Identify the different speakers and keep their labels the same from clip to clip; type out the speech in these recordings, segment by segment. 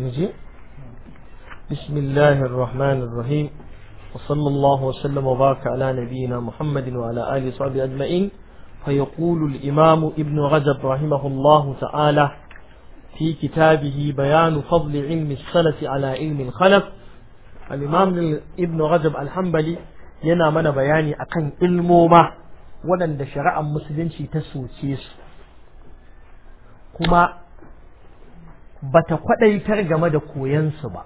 Speaker 1: نجي بسم الله الرحمن الرحيم وصلى الله وسلم وبارك على نبينا محمد وعلى آله وصحبه أجمعين فيقول الإمام ابن رجب رحمه الله تعالى في كتابه بيان فضل علم السلف على علم الخلف الإمام ابن رجب الحنبلي yana mana bayani akan ilmoma waɗanda shari'ar musulunci ta soke su kuma Ba bata kwaɗaitar game da koyansu ba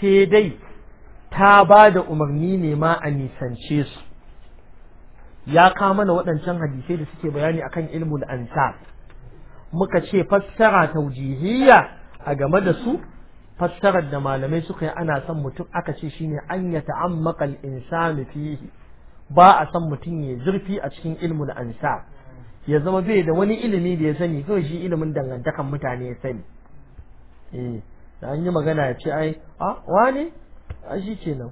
Speaker 1: sai dai ta ba da umarni ne ma a nisance su ya kama na waɗancan hadisai da suke bayani akan ilmul ansar muka ce fassara taujihiyya a game da su fassarar da malamai suka yi ana son mutum aka ce shine an yi ta’ammakal al ba a son mutum ya zurfi a cikin ilmul ansar ya zama bai da wani ilimi da ya sani kawai shi ilimin dangantakan mutane ya sani eh da an yi magana ya ce ai a wane a shi kenan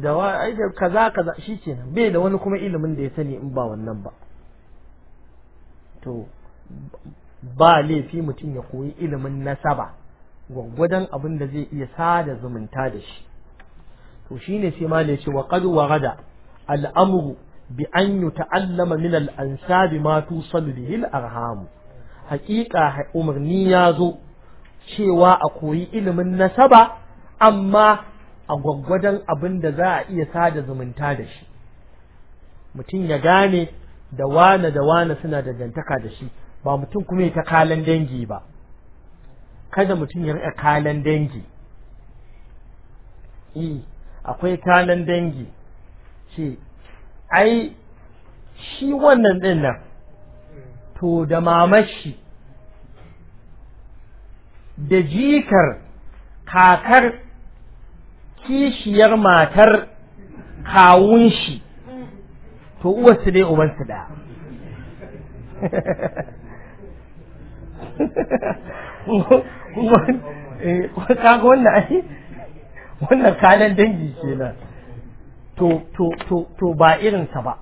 Speaker 1: da wa ai da kaza kaza shi kenan bai da wani kuma ilimin da ya sani in ba wannan ba to ba laifi mutum ya koyi ilimin nasaba gwaggwadon abin da zai iya sada zumunta da shi to shine sai ma ce wa qad warada al'amru bi an yuta'allama min al ma tusallu bihi al haqiqa umarni ya zo cewa a koyi ilimin nasaba amma a gwaggwadon abin da za a iya sada zumunta da shi mutum ya gane da wane da wane suna dangantaka da shi ba mutum kuma ya ta kalan dangi ba kada mutum ya riƙa kalan dangi e akwai kalan dangi ce ai shi wannan ɗin nan to da mamashi da jikar kakar kishiyar matar kawun shi to uwarsu dai ubansu da eh, wannan ai wannan kalan dangi ke to to to to ba irinsa ba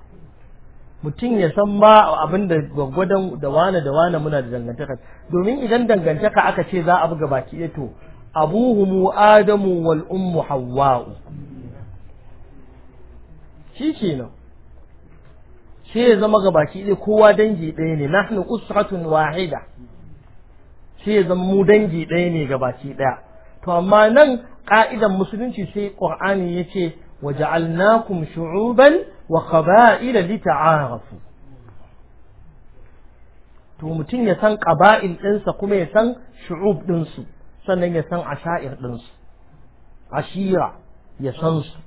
Speaker 1: mutum ya san ma abin da gwaggwadon da wane da wane muna da dangantaka domin idan dangantaka aka ce za a buga baki ya to abuhumu adamu wal ummu hawa'u shi nan shi ya zama ga baki ɗaya kowa dangi ɗaya ne nahnu usratun wahida shi ya zama mu dangi ɗaya ne ga baki ɗaya to amma nan ka'idan musulunci sai qur'ani yace waja'alnakum shu'uban wa qaba'ila lita'arafu to mutum ya san qaba'il ɗinsa kuma ya san shu'ub ɗinsu sannan ya san asha'ir ɗinsu ashira ya san su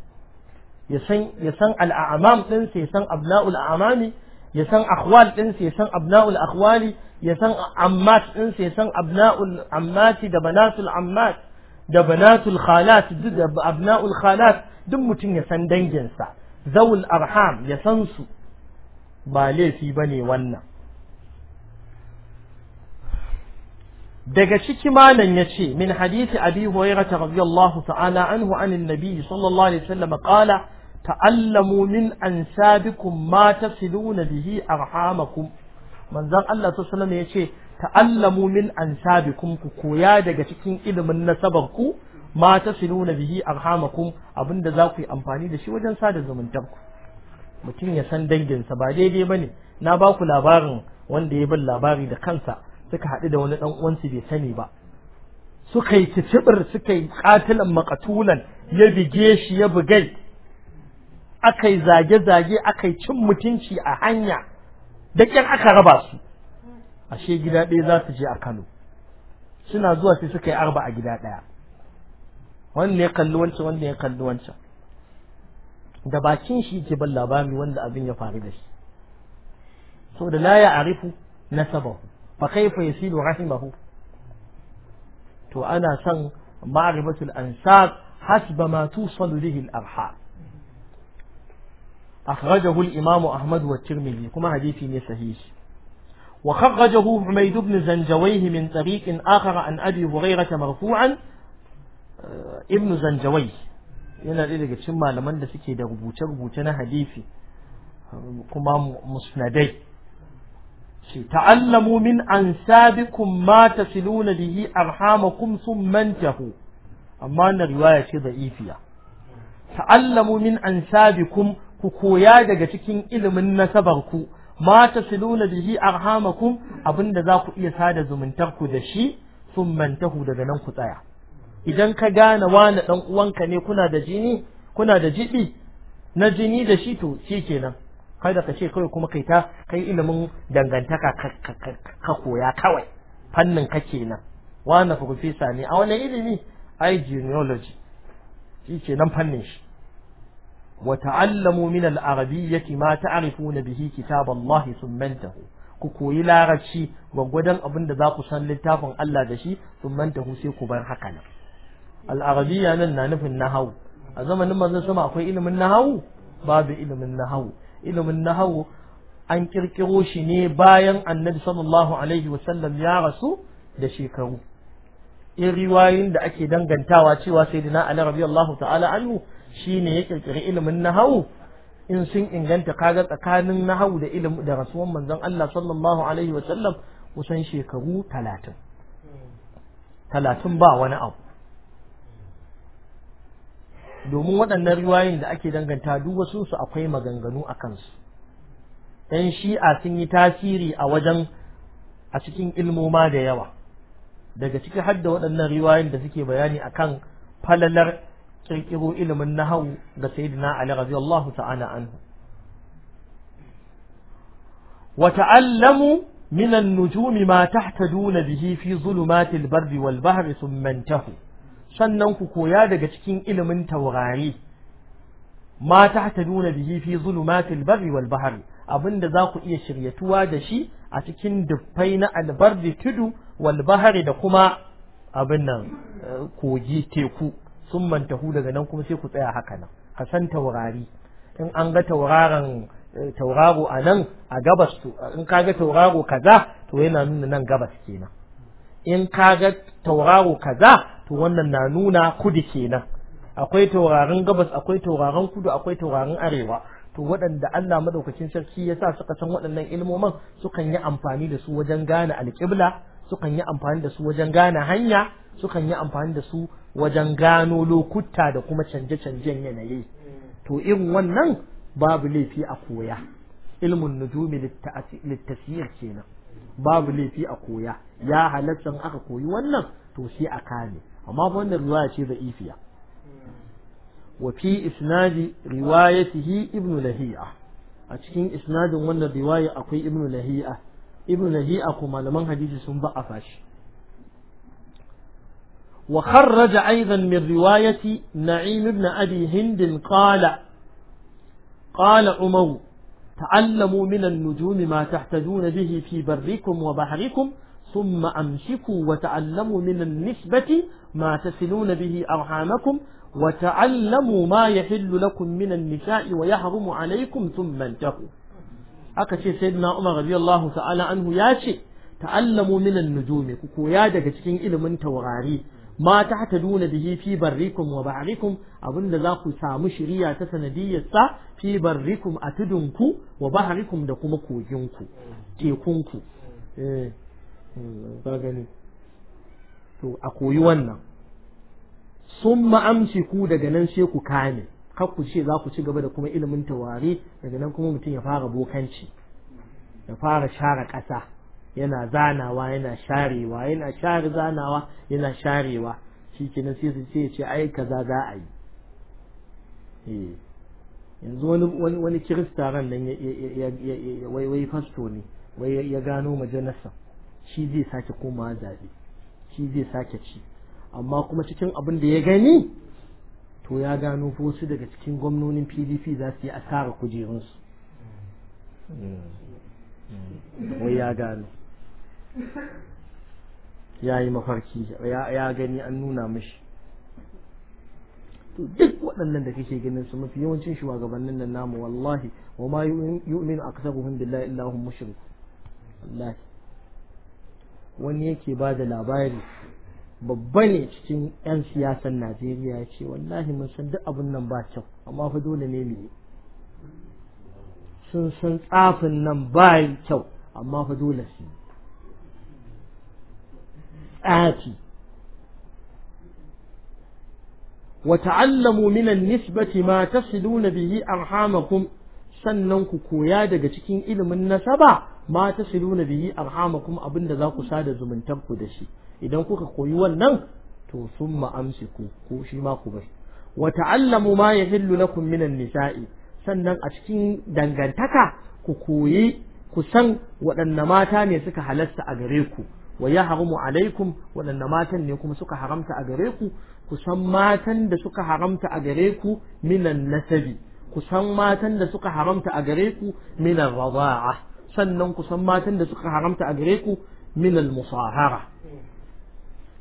Speaker 1: ya san ya san al'amam ɗinsa ya san abna'ul amami ya san akhwal ɗinsa ya san abna'ul akhwali ya san ammat ɗinsa ya san abna'ul ammati da banatul ammat da banatul khalat duk da abna'ul khalat duk mutum ya san danginsa zawul arham ya san su ba laifi bane wannan daga ciki malan ya ce min hadisi abi hurairata radiyallahu ta'ala anhu anin nabi sallallahu alaihi wasallam qala ta'allamu min ansabikum ma tasiluna bihi arhamakum manzon Allah sallallahu alaihi wasallam ya ce ta'allamu min ansabikum ku koya daga cikin ilimin nasabar ku ma tasiluna bihi arhamakum abinda za ku yi amfani da shi wajen sada zumuntar ku mutum ya san danginsa ba daidai bane na ba ku labarin wanda ya bin labari da kansa suka haɗu da wani ɗan uwansu bai sani ba suka yi cicibir suka yi katilan makatulan ya bige shi ya bugai aka yi zage-zage aka yi cin mutunci a hanya
Speaker 2: da ƙyar aka raba
Speaker 1: su ashe gida ɗaya za su je a kano suna zuwa sai suka yi arba a gida ɗaya wanda ya kalli wancan wanda ya kalli wancan da bakin shi yake ban labari wanda abin ya faru da shi so da la ya'rifu nasabahu fa kaifa yasilu rahimahu to ana son ma'rifatul ansab hasba ma tusalu bihi al-arham أخرجه الإمام أحمد والترمذي كما wa نسهيش وخرجه حميد بن زنجويه من طريق آخر عن أبي هريرة مرفوعا ibnu zanjawai yana ɗaya daga cikin malaman da suke da rubuce-rubuce na hadisi kuma musnadai ce ta'allamu min ansabikum ma tasiluna bihi arhamakum sun mantahu. amma na riwaya ce da ifiya ta'allamu min ku koya daga cikin ilimin nasabarku ma tasiluna bihi arhamakum abinda za ku iya sada zumuntarku da shi sun mantahu daga nan ku tsaya idan ka gane wani ɗan uwanka ne kuna da jini kuna da jibi na jini da shi to shi kenan kada ka ce kawai kuma kai ta kai ilimin dangantaka ka koya kawai fannin ka kenan wani profesa ne a wani ilimi ai genealogy shi kenan fannin shi wa ta'allamu min al-arabiyyati ma ta'rifuna bihi kitab Allah thumma ku koyi larabci gwagwadon abin da za ku san littafin Allah da shi thumma mantahu sai ku bar haka nan al'arabiya nan na nufin nahawu a zamanin manzon sama akwai ilimin nahawu babu ilimin nahawu ilimin nahawu an kirkiro shi ne bayan annabi sallallahu alaihi wasallam ya rasu da shekaru in riwayoyin da ake dangantawa cewa sayyidina ali radiyallahu ta'ala anhu shine ya kirkiri ilimin nahawu in sun inganta kaga tsakanin nahawu da ilimin da rasuwan manzon Allah sallallahu alaihi wasallam kusan shekaru talatin talatin ba wani abu domin waɗannan riwayoyin da ake danganta duk wasu su akwai maganganu a kansu ɗan shi'a sun yi tasiri a wajen a cikin ilmoma da yawa daga ciki har da waɗannan riwayoyin da suke bayani akan falalar kirkiro ilimin nahawu ga sayyidina ali radiyallahu ta'ala anhu wa ta'allamu min an-nujumi ma tahtaduna bihi fi zulumatil barri wal bahri thumma intahu sannan ku koya daga cikin ilimin taurari ma tahtaduna bihi fi zulumatil barri wal bahri abinda za ku iya shiryatuwa da shi a cikin dufai na albardi tudu wal da kuma abin nan eh, kogi teku sun mantahu daga nan kuma sai ku tsaya haka nan ka san taurari in an ga tauraron eh, tauraro a nan a gabas to in ka ga tauraro kaza to yana nuna nan gabas kenan in ka ga tauraro kaza to wannan na nuna kudu kenan akwai taurarin gabas akwai taurarin kudu akwai taurarin arewa to waɗanda Allah madaukakin sarki ya sa suka san waɗannan ilmomin sukan yi amfani da su wajen gane alƙibla sukan yi amfani da su wajen gane hanya sukan yi amfani da su wajen gano lokuta da kuma canje-canjen yanayi to irin wannan babu laifi a koya ilmun nujumi littasiyar kenan babu laifi a koya ya halatta aka koyi wannan to sai a kame أما ظن الرواية ضعيفة وفي إسناد روايته ابن لهيئة أتكين إسناد ون الرواية أقوي ابن لهيئة ابن لهيئة كما لمن حديث سنبع فاش وخرج أيضا من رواية نعيم ابن أبي هند قال قال عمر تعلموا من النجوم ما تحتجون به في بركم وبحركم ثم أمسكوا وتعلموا من النسبة ما تسلون به أرحامكم وتعلموا ما يحل لكم من النساء ويحرم عليكم ثم انتقوا أكا سيدنا عمر رضي الله تعالى عنه يا شيء تعلموا من النجوم كوكو يا دكتين إلى من توغاري ما تعتدون به في بركم وبعركم أظن ذاكو سام شريعة سندية في بريكم أتدنكو وبعركم دكم كوجنكو تيكونكو إيه. Eh, ka to a koyi wannan sun ma'amci ku daga nan sai ku kame kar ku ce za ku ci gaba da kuma ilimin tawari daga nan kuma mutum ya fara bokanci ya fara share ƙasa yana zanawa yana sharewa yana share zanawa yana sharewa shi nan sai su ce ce ai kaza za a yi eh. yanzu wani kirista ran nan ya wai fasto ne wai ya gano majalisar shi zai sake koma zabe shi zai sake ci amma kuma cikin abin da ya gani to ya gano wasu daga cikin gwamnonin pdp za su yi asara kujerunsu wai ya gano ya yi mafarki ya gani an nuna mashi to duk waɗannan da kake ganin su mafi yawancin shugabannin nan namu wallahi wa ma yu'minu aktsaruhum billahi illa hum wallahi wani yake ba da labari babba ne cikin 'yan siyasar najeriya ya ce wallahi mun san duk abin nan ba kyau amma fa dole ne ne sun san tsafin nan ba kyau amma fa dole su tsafi وتعلموا من النسبة ما تصلون به أرحامكم sannan ku koya daga cikin ilimin nasaba ma tasiluna bihi arhamakum abinda za ku sada zumuntar ku da shi idan kuka koyi wannan to summa ku ko shi ma ku bar wa ta'allamu ma yahillu lakum minan nisa'i sannan a cikin dangantaka ku koyi ku san waɗanne mata ne suka halasta a gare ku wa ya haramu alaikum waɗanne matan ne kuma suka haramta a gare ku ku san matan da suka haramta a gare ku minan nasabi ku san matan da suka haramta a gare ku minan raza'a sannan ku san matan da suka haramta a gare ku min al-musahara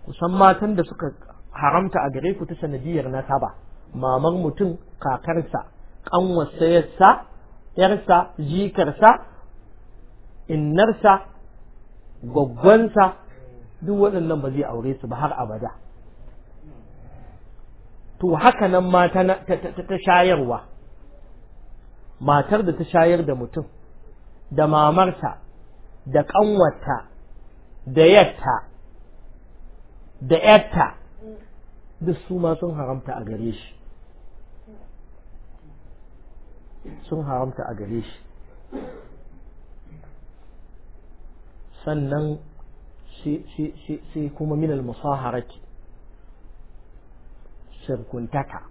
Speaker 1: ku san matan da suka haramta a gare ku ta sanadiyar nasaba maman mutum kakarsa kanwarsa yarsa yarsa jikarsa innarsa gwaggwansa duk waɗannan ba zai aure su ba har abada to haka nan mata ta shayarwa matar da ta shayar da mutum da mamarta da ƙanwarta da yatta da yatta duk su ma sun haramta a gare shi sun haramta a gare shi sannan sai kuma minal musaharati shirkuntaka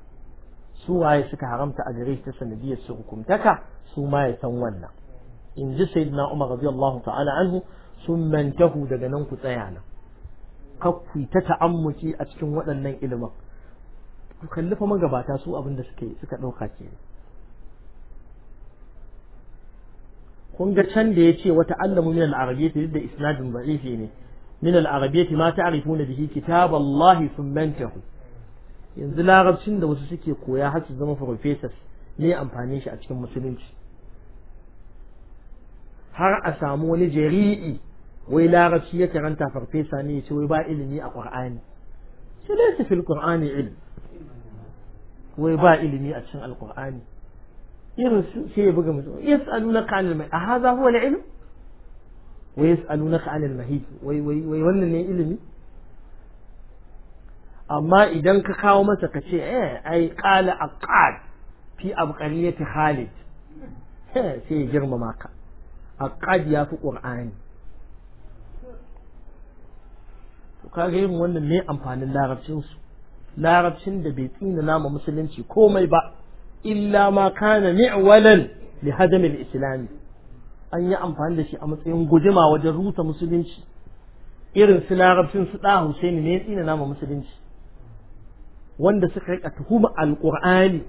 Speaker 1: su waye suka haramta a gare shi ta sanadiyar shirkuntaka su ma ya san wannan in ji sayyidina Umar radiyallahu ta'ala anhu sun mantahu daga nan ku tsaya nan kakku ta ta'ammuki a cikin waɗannan ilimin ku kalli fa magabata su abin da yi suka ɗauka ke kun ga can da ya ce wata allamu minal al-arabiyyati da isnadin da'ifi ne min al-arabiyyati ma ta'rifuna bihi kitaballahi sumantahu yanzu larabcin da wasu suke koya har su zama professors ne amfani shi a cikin musulunci har a samu wani jari'i wai larabci ya karanta farfesa ne ya ce wai ba ilimi a ƙur'ani shi ne laysa fil qur'ani ilm wai ba ilimi a cikin alƙur'ani irin su sai ya buga mutum yas'alunaka anil mai a hadha huwa al-ilm wa yas'alunaka al'una mahid wai wai wai wannan ne ilimi amma idan ka kawo masa ka ce eh ai qala aqad fi abqariyati khalid eh, sai ya girmama ka aqad ya fi qur'ani to kaga yin wannan ne amfanin larabcin su larabcin da bai tsina nama musulunci komai ba illa ma kana mi'walan li hadam al-islam an yi amfani da shi a matsayin guduma wajen rusa musulunci irin su larabcin su da Husaini ne tsina nama musulunci wanda suka rika tuhuma al-qur'ani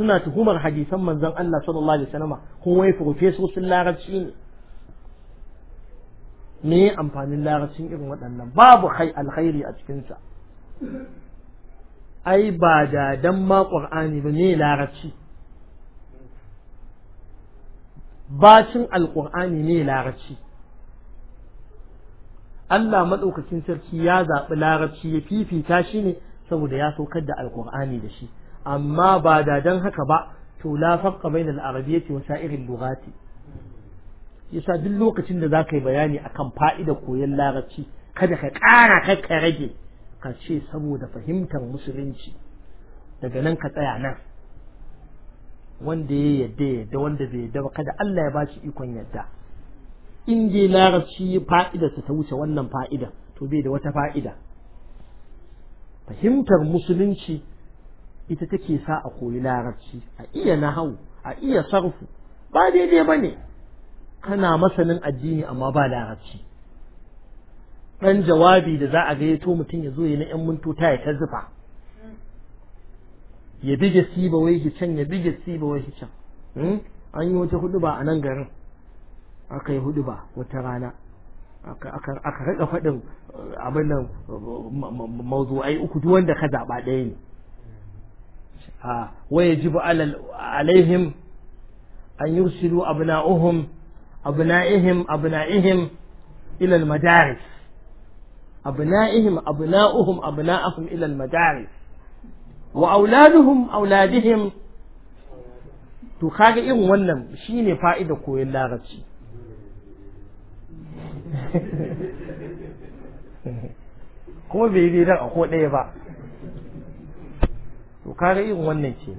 Speaker 1: suna tuhumar hadisan manzon Allah sallallahu alaihi wasallam kun wai profesosin larabci ne me amfanin larabcin irin waɗannan babu alkhairi a cikin sa. ai ba da dan ma qur'ani ba ne larabci bacin alqur'ani ne larabci Allah madaukakin sarki ya zaɓi larabci ya fifita shi ne saboda ya saukar da alqur'ani da shi amma ba da dan haka ba to la farqa bainal arabiyyati wa sa'iril lughati yasa duk lokacin da zaka yi bayani akan fa'idar koyon larabci kada ka kara kai ka rage ka ce saboda fahimtar musulunci daga nan ka tsaya nan wanda ya yadda yadda wanda bai yadda ba kada Allah ya bashi ikon yadda in je larabci ta ta wuce wannan fa'ida to bai da wata fa'ida fahimtar musulunci ita take sa a koyi larabci a iya nahawu a iya sarfu ba daidai ba ne kana masanin addini amma ba larabci ɗan jawabi da za a gayyato mutum ya zo ya na ‘yan mintota ya ta zufa ya bige siba wai can ya bige siba wai can hmm? an yi wata hudu ba a nan garin aka yi hudu ba wata rana aka rika faɗin uh, abin nan uh, mawzu'ai uku duk wanda ka zaɓa ɗaya ne ويجب على عليهم أن يرسلوا أبناؤهم أبنائهم أبنائهم إلى المدارس أبنائهم أبناؤهم أبناءهم إلى المدارس وأولادهم أولادهم to kaga irin wannan shine fa'ida koyon larabci kuma bai yi dan akwai ɗaya ba to kaga irin wannan ke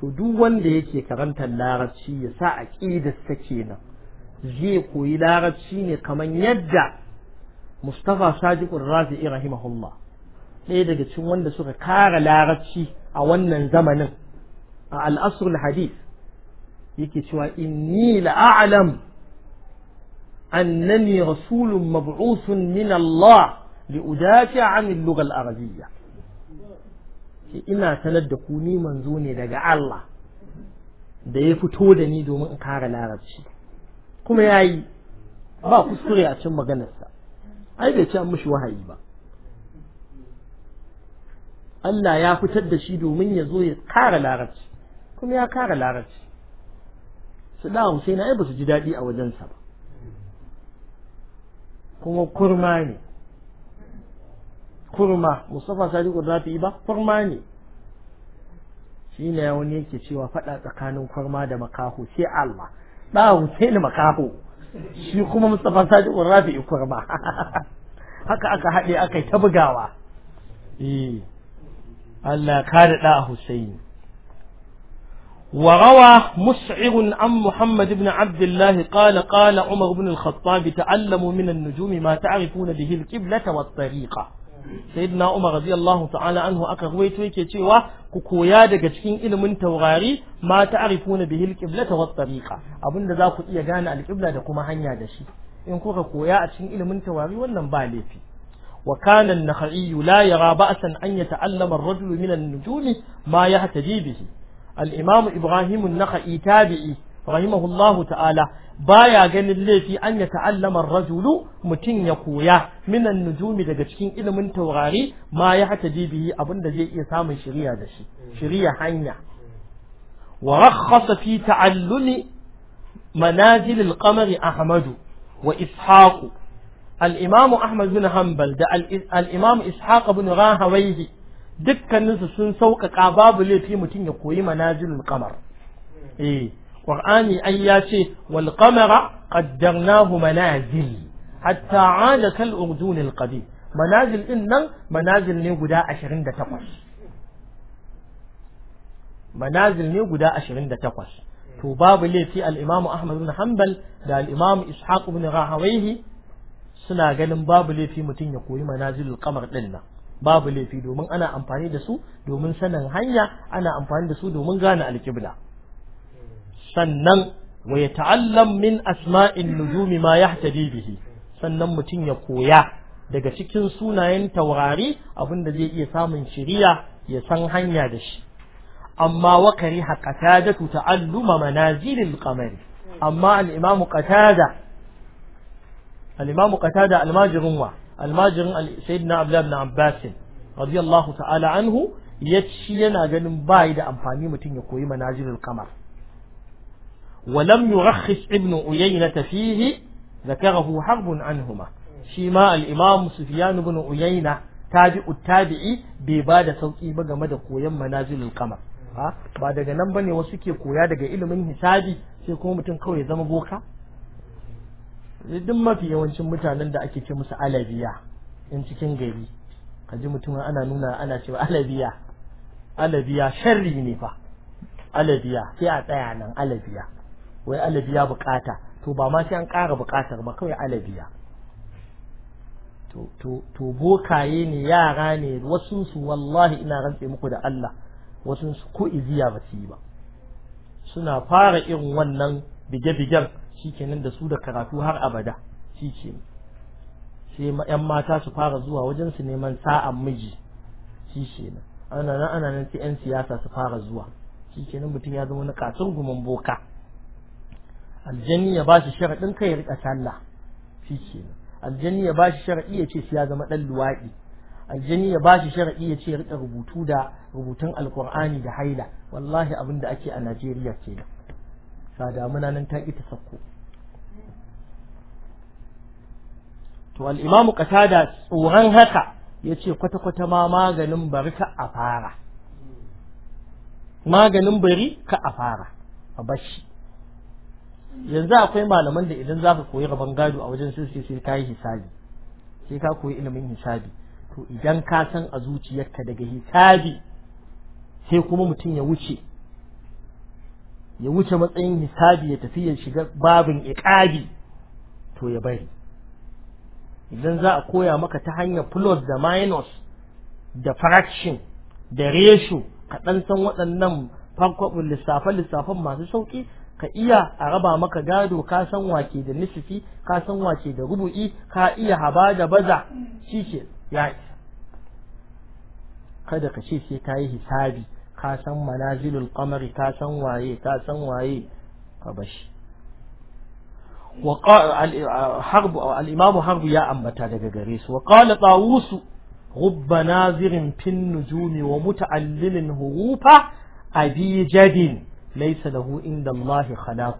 Speaker 1: to duk wanda yake karantar larabci ya sa aqidarsa kenan zai koyi larabci ne kamar yadda Mustafa Sadiqur Rafi'i rahimahullah ɗaya daga cikin wanda suka kara larabci a wannan zamanin a alasrul asrul hadith yake cewa inni la'alam annani rasulun mab'usun min Allah li udafi 'an al-lugha al ce ina sanar da ku ni manzo ne daga Allah da ya fito da ni domin in kare larabci kuma ya yi ba kuskure a cin maganarsa ai bai ci an mishi wahayi ba Allah ya fitar da shi domin ya zo ya kare larabci kuma ya kare larabci su da Hussein ai ba su ji daɗi a wajensa ba kuma kurma ne kurma Mustafa Sadiku Rafi ba kurma ne shi ne wani yake cewa faɗa tsakanin kurma da makaho sai Allah ɗa Hussein makaho shi kuma Mustafa Sadiku Rafi kurma haka aka haɗe aka yi ta bugawa eh Allah kare ɗa Hussein وروى مسعر عن محمد بن عبد الله قال قال عمر بن الخطاب تعلموا من النجوم ما تعرفون به القبلة والطريقة sayyidina Umar radiyallahu ta'ala anhu aka ruwaito yake cewa ku koya daga cikin ilimin taurari ma ta'rifuna bihi al ta wa tariqa abinda za ku iya gane al-qibla da kuma hanya da shi in kuka koya a cikin ilimin taurari wannan ba laifi وكان النخعي لا يرى بأسا أن يتعلم الرجل من النجوم ما يهتدي به الإمام إبراهيم nakha'i tabi'i rahimahullahu ta'ala baya ganin laifi an ya ta'allama rajulu mutum ya koya minan nujumi daga cikin ilimin taurari ma ya hata bihi abinda zai iya samun shiriya da shi shiriya hanya wa rakhasa fi ta'allumi manazil al-qamari ahmadu wa ishaqu al-imam ahmad bin hanbal da al-imam ishaq bin rahawayhi dukkaninsu sun sauƙaƙa babu laifi mutum ya koyi manazilul qamar eh قرآني أن ياتي والقمر قدرناه منازل حتى عاد كالأردون القديم منازل إن منازل نيغدا أشرين دا تقوش منازل نيغدا أشرين دا تقوش تباب لي في الإمام أحمد بن حنبل دا الإمام إسحاق بن راهويه suna ganin babu laifi mutum ya koyi manazilul kamar din nan babu laifi domin ana amfani da su domin sanin hanya ana amfani da su domin sannan wa ya ta'allam min asma'in nujumi ma yahtadi bihi sannan mutum ya koya daga cikin sunayen taurari da zai iya samun shiriya ya san hanya da shi amma wa kariha qatadatu ta'alluma manazilil qamari amma al qatada al qatada al wa almajirin sayyidina abdullah ibn abbas radiyallahu ta'ala anhu yace yana ganin bai da amfani mutum ya koyi manazilil kamar. ولم يرخص ابن أيينة فيه ذكره حرب عنهما شيما الإمام سفيان بن أيينة تابع التابعي ببادة سوقي بقى مدى قويم منازل القمر ba daga nan bane wasu ke koya daga ilimin hisabi sai kuma mutum kawai zama boka duk mafi yawancin mutanen da ake ce musu alabiya in cikin gari Ka ji mutumin ana nuna ana cewa alabiya alabiya sharri ne fa alabiya sai a tsaya nan alabiya wai alabiya bukata to ba ma sai an ƙara bukatar ba kawai alabiya to to to bokaye ne yara ne wasu su wallahi ina rantse muku da Allah wasu su ko iziya ba su yi ba suna fara irin wannan bige-bigen shikenan da su da karatu har abada shikenan sai yan mata su fara zuwa wajen su neman sa'an miji shikenan ana nan ana nan sai yan siyasa su fara zuwa shikenan mutum ya zama na kasar gumin boka aljanni ya bashi sharadin kai ya rika sallah shi kenan aljanni ya bashi sharadi ya ce ya zama dan luwadi aljanni ya bashi sharadi ya ce rika rubutu da rubutun alqur'ani da haila wallahi abinda ake a Najeriya kenan sada muna nan ta ita sakko to al-imamu qatada tsoron haka yace kwata kwata ma maganin bari ka a fara maganin bari ka a fara a bashi yanzu akwai malaman da idan za ka koyi rabon gado a wajen sai sai ka yi hisabi sai ka koyi ilimin hisabi to idan ka san a zuciyarka daga hisabi sai kuma mutum ya wuce ya wuce matsayin hisabi ya tafi ya shiga babin iqabi to ya bari idan za a koya maka ta hanyar plus da minus da fraction da ratio ka ɗan san waɗannan farkon lissafan lissafan masu sauƙi ka iya a raba maka gado ka san wake da nisifi ka san wake da rubu'i ka iya haba da baza shi ce ya kada ka ce sai ka yi hisabi ka san manazilul qamari ka san waye ka san waye ka bashi wa harbu al imam ya ambata daga gare su wa qala tawusu rubba nazirin fin nujumi wa muta'allilin hurufa abi jadin ليس له inda Allah خلاق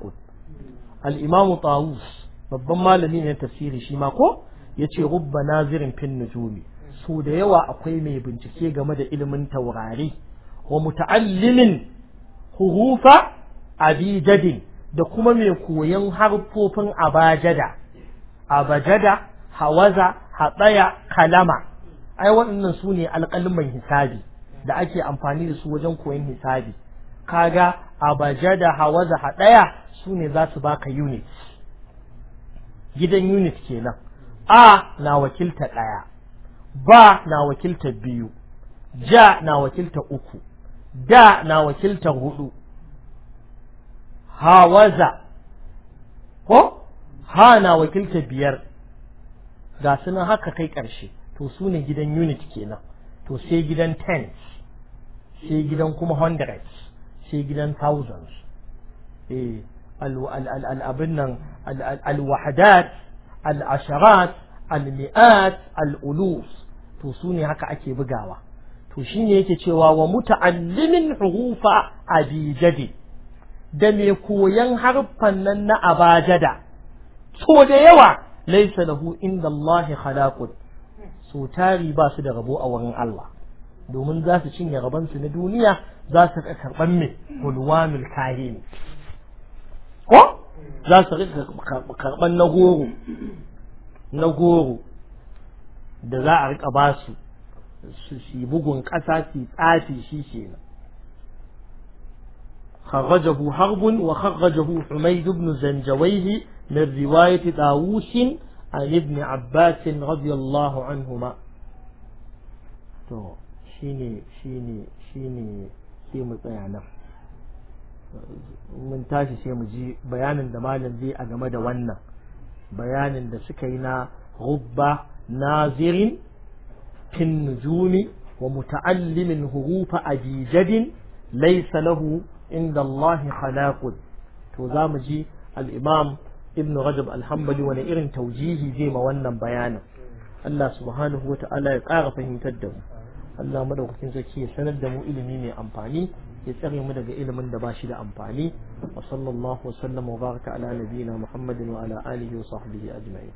Speaker 1: al طاووس tawus babban malami ne tafsiri shi ma ko yace rubba nazirin fin nujumi so da yawa akwai mai bincike game da ilimin taurari wa muta'allimin hurufa abijadin da kuma mai koyon harfofin abajada abajada hawaza hatsaya kalama ai waɗannan su ne alƙalman hisabi da ake amfani da su wajen koyon hisabi kaga abaja da hawaza hadaya su ne za su baka unit gidan unit kenan a na wakilta ɗaya ba na wakilta biyu ja na wakilta uku da na wakilta hudu hawaza ko ha na wakilta biyar ga sunan haka kai ƙarshe to su ne gidan unit kenan to sai gidan tens sai gidan kuma hundreds sai gidan thousands eh abin nan al' al'asharat al' al'ulus to su ne haka ake bugawa to shi ne yake cewa wa muta'allimin hurufa abijade da mai koyan harfan nan na abajada so da yawa laisa lahu inda Allah khalaqun so tari ba su da rabo a wurin Allah domin za su cinye rabansu na duniya za su karɓar mai hulwanul kahin ko za su karɓar na goro na goro da za a rika ba su su bugun ƙasa su tsafi shi kenan خرجه حرب وخرجه حميد بن زنجويه من رواية داووس عن ابن عباس رضي الله عنهما shine shine shine sai mu tsaya nan mun tashi sai mu ji bayanin da malam zai a game da wannan bayanin da suka yi na rubba nazirin fin nujumi wa muta'allimin hurufa ajijadin laysa lahu inda Allah khalaqun to za mu ji al-imam ibn rajab al-hanbali wani irin taujihi zai ma wannan bayanin Allah subhanahu wa ta'ala ya ƙara fahimtar da mu Allah madaukakin sarki ya sanar da mu ilimi mai amfani ya tsare mu daga ilimin da ba shi da amfani wa sallallahu wa sallama wa baraka ala nabiyina Muhammadin wa ala alihi wa sahbihi
Speaker 2: ajma'in